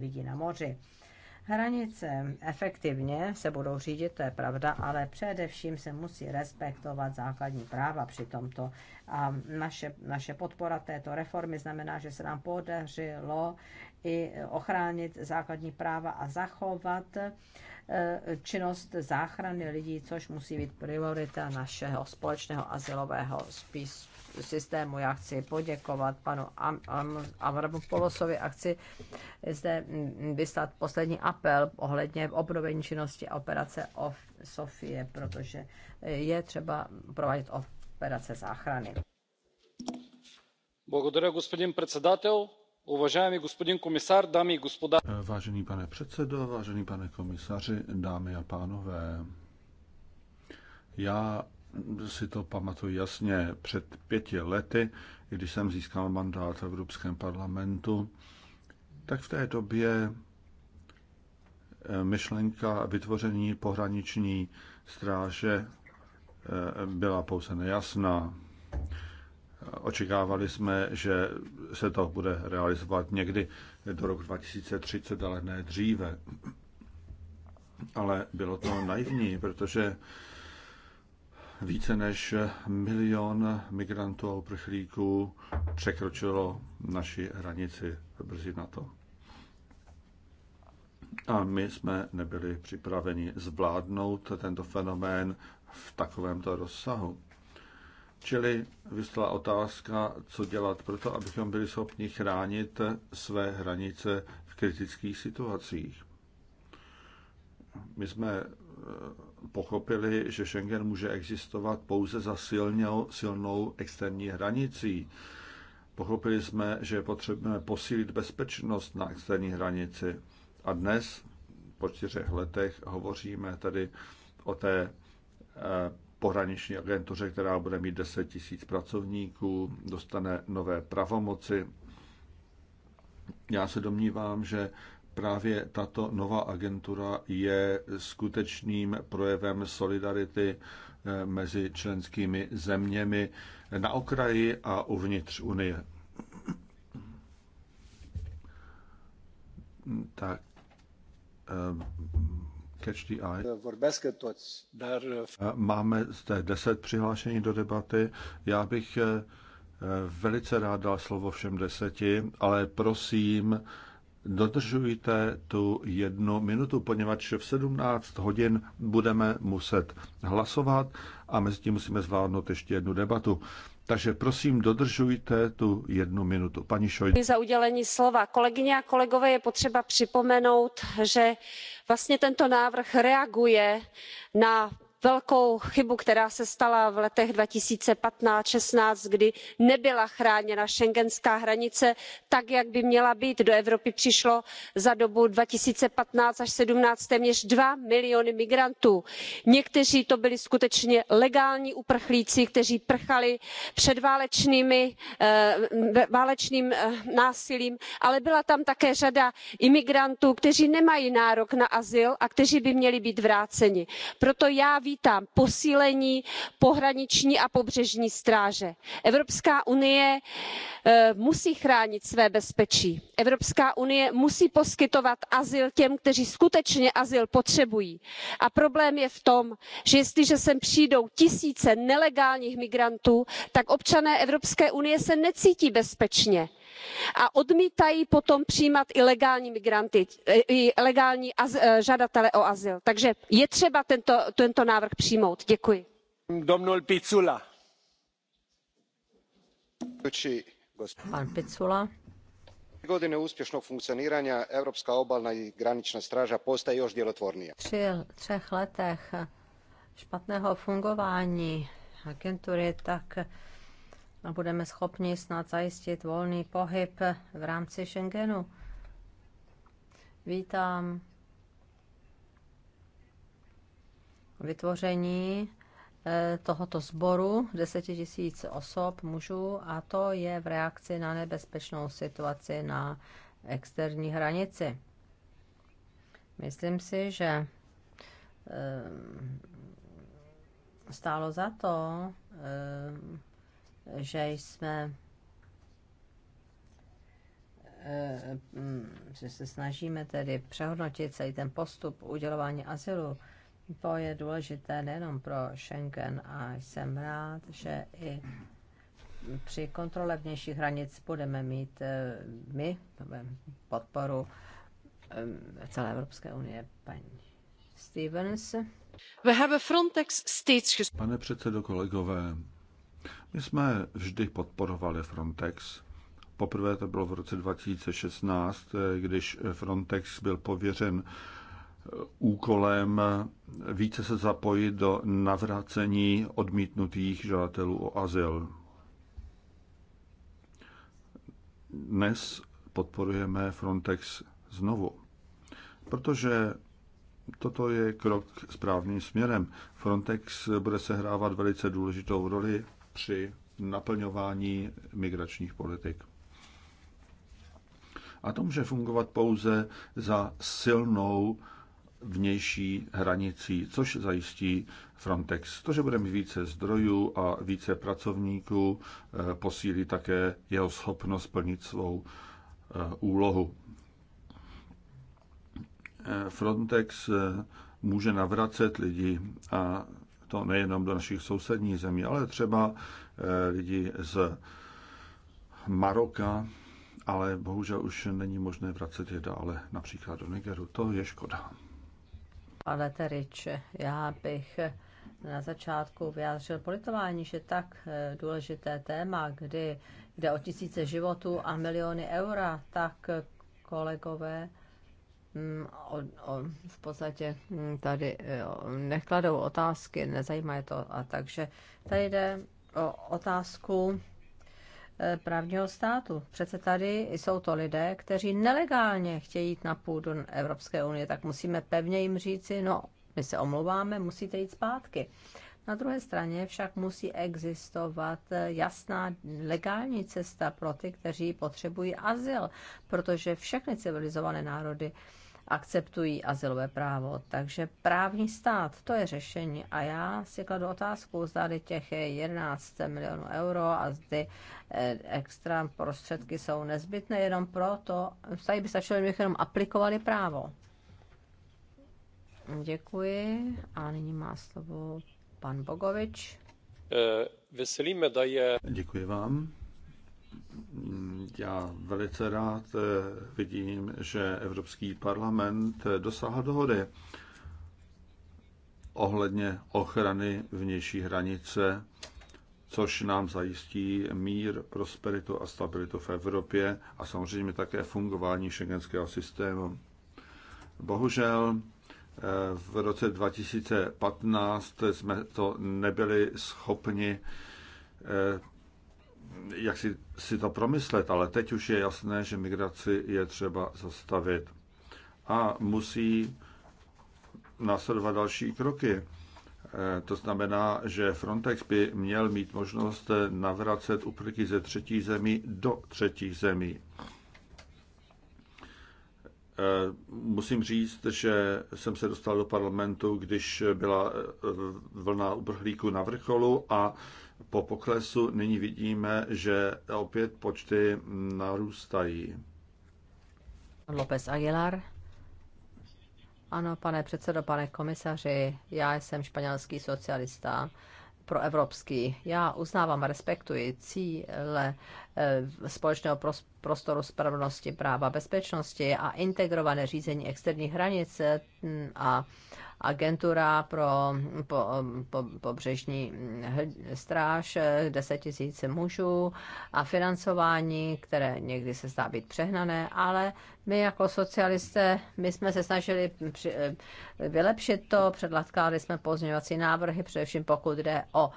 lidi na moři. Hranice efektivně se budou řídit, to je pravda, ale především se musí respektovat základní práva při tomto. A naše, naše podpora této reformy znamená, že se nám podařilo i ochránit základní práva a zachovat eh, činnost záchrany lidí, což musí být priorita našeho společného asilového spisu systému. Já chci poděkovat panu Amramu Polosovi a chci zde vyslat poslední apel ohledně obnovení činnosti operace of Sofie, protože je třeba provádět operace záchrany. Děkuji. господин председател. Vážený pane předsedo, vážený pane komisaři, dámy a pánové, já si to pamatuju jasně před pěti lety, když jsem získal mandát v Evropském parlamentu, tak v té době e, myšlenka vytvoření pohraniční stráže e, byla pouze nejasná. Očekávali jsme, že se to bude realizovat někdy do roku 2030, ale ne dříve. Ale bylo to naivní, protože více než milion migrantů a uprchlíků překročilo naši hranici brzy na to. A my jsme nebyli připraveni zvládnout tento fenomén v takovémto rozsahu. Čili vyslala otázka, co dělat pro to, abychom byli schopni chránit své hranice v kritických situacích. My jsme eh, pochopili, že Schengen může existovat pouze za silnou, silnou externí hranicí. Pochopili jsme, že potřebujeme posílit bezpečnost na externí hranici. A dnes, po čtyřech letech, hovoříme tady o té eh, pohraniční agentuře, která bude mít 10 tisíc pracovníků, dostane nové pravomoci. Já se domnívám, že právě tato nová agentura je skutečným projevem solidarity eh, mezi členskými zeměmi na okraji a uvnitř Unie. Tak eh, Catch the Eye. Uh, uh, eh, máme zde deset přihlášení do debaty. Já bych eh, eh, velice rád dal slovo všem deseti, ale prosím, dodržujte tu jednu minutu, poněvadž v 17 hodin budeme muset hlasovat a mezi tím musíme zvládnout ještě jednu debatu. Takže prosím, dodržujte tu jednu minutu. Paní Šojdrová. za udělení slova. Kolegyně a kolegové, je potřeba připomenout, že vlastně tento návrh reaguje na velkou chybu která se stala v letech two thousand and fifteen two thousand and sixteen kdy nebyla chráněna schengenská hranice tak jak by měla být. do evropy přišly za dobu two thousand and fifteen až two thousand and seventeen téměř two miliony migrantů. někteří to byli skutečně legální uprchlíci kteří prchali před eh, válečným eh, násilím ale byla tam také řada imigrantů kteří nemají nárok na azyl a kteří by měli být vráceni. proto já vítám posílení pohraniční a pobřežní stráže. evropská unie eh, musí chránit své bezpečí evropská unie musí poskytovat azyl těm kteří skutečně azyl potřebují a problém je v tom že jestliže sem přijdou tisíce nelegálních migrantů tak občané evropské unie se necítí bezpečně a odmítají potom přijímat i legální e, e, žadatele o azyl. takže je třeba tento návrh přijmout. děkuji. three godine uspješnog funkcioniranja europska obalna i granična straža postaje ještě djelotvornija. při třech letech špatného fungování agentury tak a budeme schopni snad zajistit volný pohyb v rámci Schengenu. Vítám vytvoření eh, tohoto sboru 10 tisíc osob mužů a to je v reakci na nebezpečnou situaci na externí hranici. Myslím si, že eh, stálo za to eh, že jsme eh, mm, že se snažíme tedy přehodnotit celý ten postup udělování asilu. To je důležité nejenom pro Schengen a jsem rád, že i při kontrole vnějších hranic budeme mít eh, my podporu eh, celé Evropské unie, paní Stevens. Pane předsedo, kolegové, my jsme vždy podporovali Frontex. Poprvé to bylo v roce 2016, když Frontex byl pověřen eh, úkolem eh, více se zapojit do navrácení odmítnutých žadatelů o azyl. Dnes podporujeme Frontex znovu, protože toto je krok správným směrem. Frontex bude sehrávat velice důležitou roli při naplňování migračních politik. A to může fungovat pouze za silnou vnější hranicí, což zajistí Frontex. To, že bude mít více zdrojů a více pracovníků, eh, posílí také jeho schopnost plnit svou eh, úlohu. Eh, Frontex může navracet lidi a to nejenom do našich sousedních zemí, ale třeba eh, lidi z Maroka, ale bohužel už není možné vracet je dále, například do Nigeru. To je škoda. Pane Teriče, já bych na začátku vyjádřil politování, že tak eh, důležité téma, kdy jde o tisíce životů a miliony eura, tak eh, kolegové Mm, o, o, v podstatě mm, tady e, nekladou otázky, nezajímá je to. A takže tady jde o otázku e, právního státu. Přece tady jsou to lidé, kteří nelegálně chtějí jít na půdu Evropské unie, tak musíme pevně jim říci, no, my se omlouváme, musíte jít zpátky. Na druhé straně však musí existovat jasná legální cesta pro ty, kteří potřebují azyl, protože všechny civilizované národy akceptují azylové právo. Takže právní stát, to je řešení. A já si kladu otázku, zda těch 11 milionů euro a zde eh, extra prostředky jsou nezbytné jenom proto, tady by stačilo, kdybych jenom aplikovali právo. Děkuji a nyní má slovo Pan Bogovič. E, veselíme, da je... Děkuji vám. Já velice rád e, vidím, že Evropský parlament e, dosáhl dohody ohledně ochrany vnější hranice, což nám zajistí mír, prosperitu a stabilitu v Evropě a samozřejmě také fungování šengenského systému. Bohužel v roce 2015 jsme to nebyli schopni eh, jak si, si to promyslet, ale teď už je jasné, že migraci je třeba zastavit. A musí následovat další kroky. Eh, to znamená, že Frontex by měl mít možnost eh, navracet uprchlíky ze třetí zemí do třetí zemí. Eh, musím říct, že jsem se dostal do parlamentu, když byla eh, vlna uprchlíků na vrcholu a po poklesu nyní vidíme, že opět počty narůstají. López Aguilar. Ano, pane předsedo, pane komisaři, já jsem španělský socialista proevropský. Já uznávám a respektuji cíle Eh, společného prostoru spravedlnosti, práva, bezpečnosti a integrované řízení externích hranic hm, a agentura pro pobřežní po, po hm, stráž 10 eh, tisíc mužů a financování, které někdy se zdá být přehnané, ale my jako socialisté, my jsme se snažili při, eh, vylepšit to, předlatkali jsme pozměňovací návrhy, především pokud jde o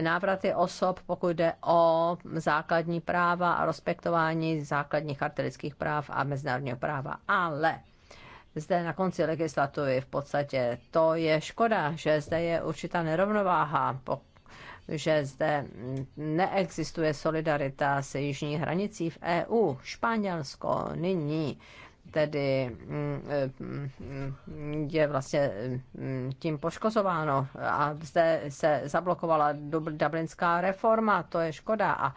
návraty osob, pokud jde o základní práva a respektování základních charakteristických práv a mezinárodního práva. Ale zde na konci legislativy v podstatě to je škoda, že zde je určitá nerovnováha, že zde neexistuje solidarita se jižní hranicí v EU. Španělsko nyní tedy mm, eh, mm, je vlastně mm, tím poškozováno. A zde se zablokovala dublinská reforma, to je škoda. A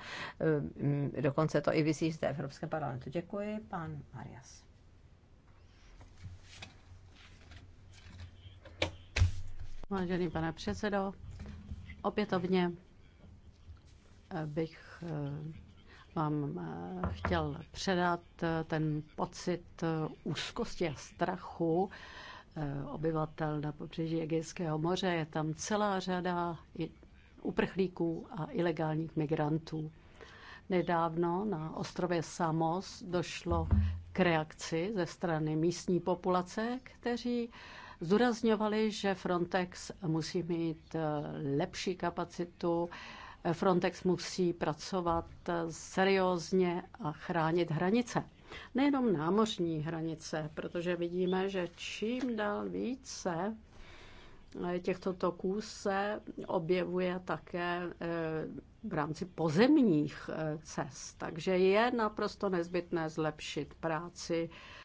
dokonce to i vysí zde v Evropském parlamentu. Děkuji, pan Marias. Vážený pane předsedo, opětovně eh, bych eh, vám eh, chtěl předat eh, ten pocit eh, úzkosti a strachu obyvatel na pobřeží Egejského moře. Je tam celá řada uprchlíků a ilegálních migrantů. Nedávno na ostrově Samos došlo k reakci ze strany místní populace, kteří zdůrazňovali, že Frontex musí mít lepší kapacitu, Frontex musí pracovat seriózně a chránit hranice. Nejenom námořní hranice, protože vidíme, že čím dál více eh, těchto toků se objevuje také eh, v rámci pozemních eh, cest. Takže je naprosto nezbytné zlepšit práci